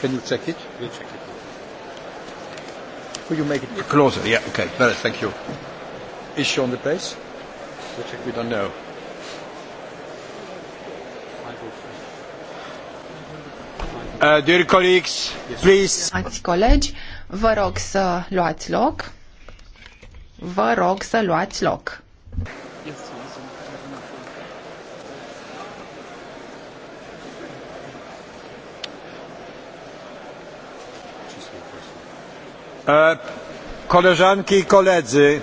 Can you check it? We'll check it. Could you make it closer? Yeah, okay. Very, thank you. Is she on the place? We check. We don't know. Uh, dear colleagues, please. Ați colegi, vă rog să luați loc. Vă rog să luați loc. Koleżanki i koledzy.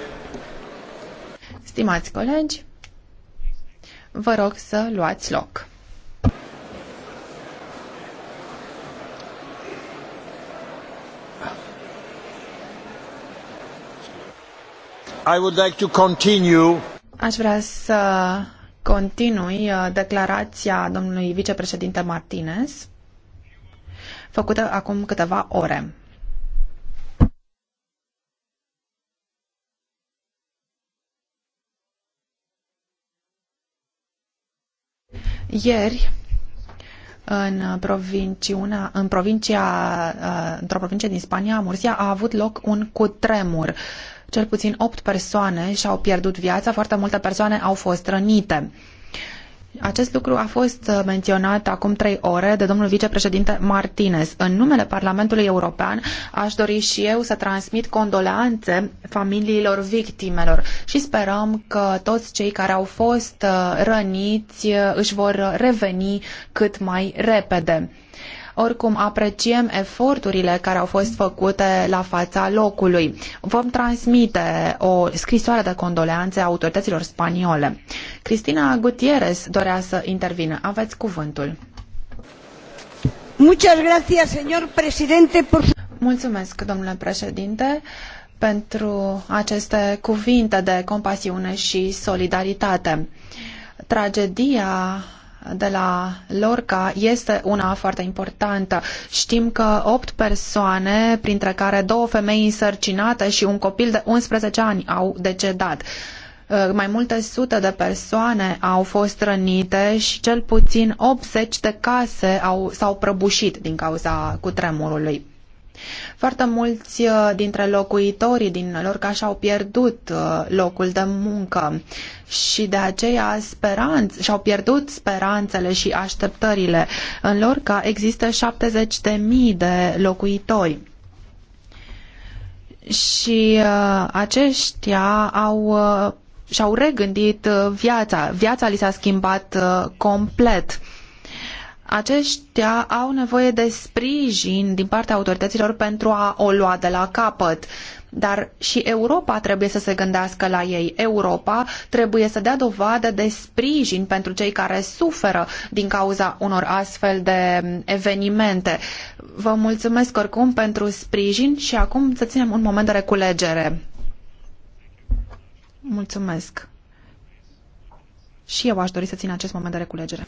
Stimați colegi, vă rog să luați loc. I would like to continue. Aș vrea să continui uh, declarația domnului vicepreședinte Martinez, făcută acum câteva ore. Ieri, în, provinciuna, în provincia, uh, într-o provincie din Spania, Murcia, a avut loc un cutremur. Cel puțin opt persoane și-au pierdut viața, foarte multe persoane au fost rănite. Acest lucru a fost uh, menționat acum trei ore de domnul vicepreședinte Martinez. În numele Parlamentului European aș dori și eu să transmit condoleanțe familiilor victimelor și sperăm că toți cei care au fost uh, răniți uh, își vor reveni cât mai repede. Oricum, apreciem eforturile care au fost făcute la fața locului. Vom transmite o scrisoare de condoleanțe autorităților spaniole. Cristina Gutierrez dorea să intervină. Aveți cuvântul. Muchas gracias, señor presidente, por... Mulțumesc, domnule președinte, pentru aceste cuvinte de compasiune și solidaritate. Tragedia de la Lorca este una foarte importantă. Știm că opt persoane, printre care două femei însărcinate și un copil de 11 ani, au decedat. Eh, mai multe sute de persoane au fost rănite și cel puțin 80 de case au, s-au prăbușit din cauza cutremurului. Foarte mulți eh, dintre locuitorii din Lorca și-au pierdut eh, locul de muncă și de aceea speranț, și-au pierdut speranțele și așteptările. În Lorca există 70.000 de locuitori și aceștia au și-au regândit uh, viața. Viața li s-a schimbat uh, complet. Aceștia au nevoie de sprijin din partea autorităților pentru a o lua de la capăt. Dar și Europa trebuie să se gândească la ei. Europa trebuie să dea dovadă de sprijin pentru cei care suferă din cauza unor astfel de evenimente. Vă mulțumesc oricum pentru sprijin și acum să ținem un moment de reculegere. Mulțumesc. Și eu aș dori să țin acest moment de reculegere.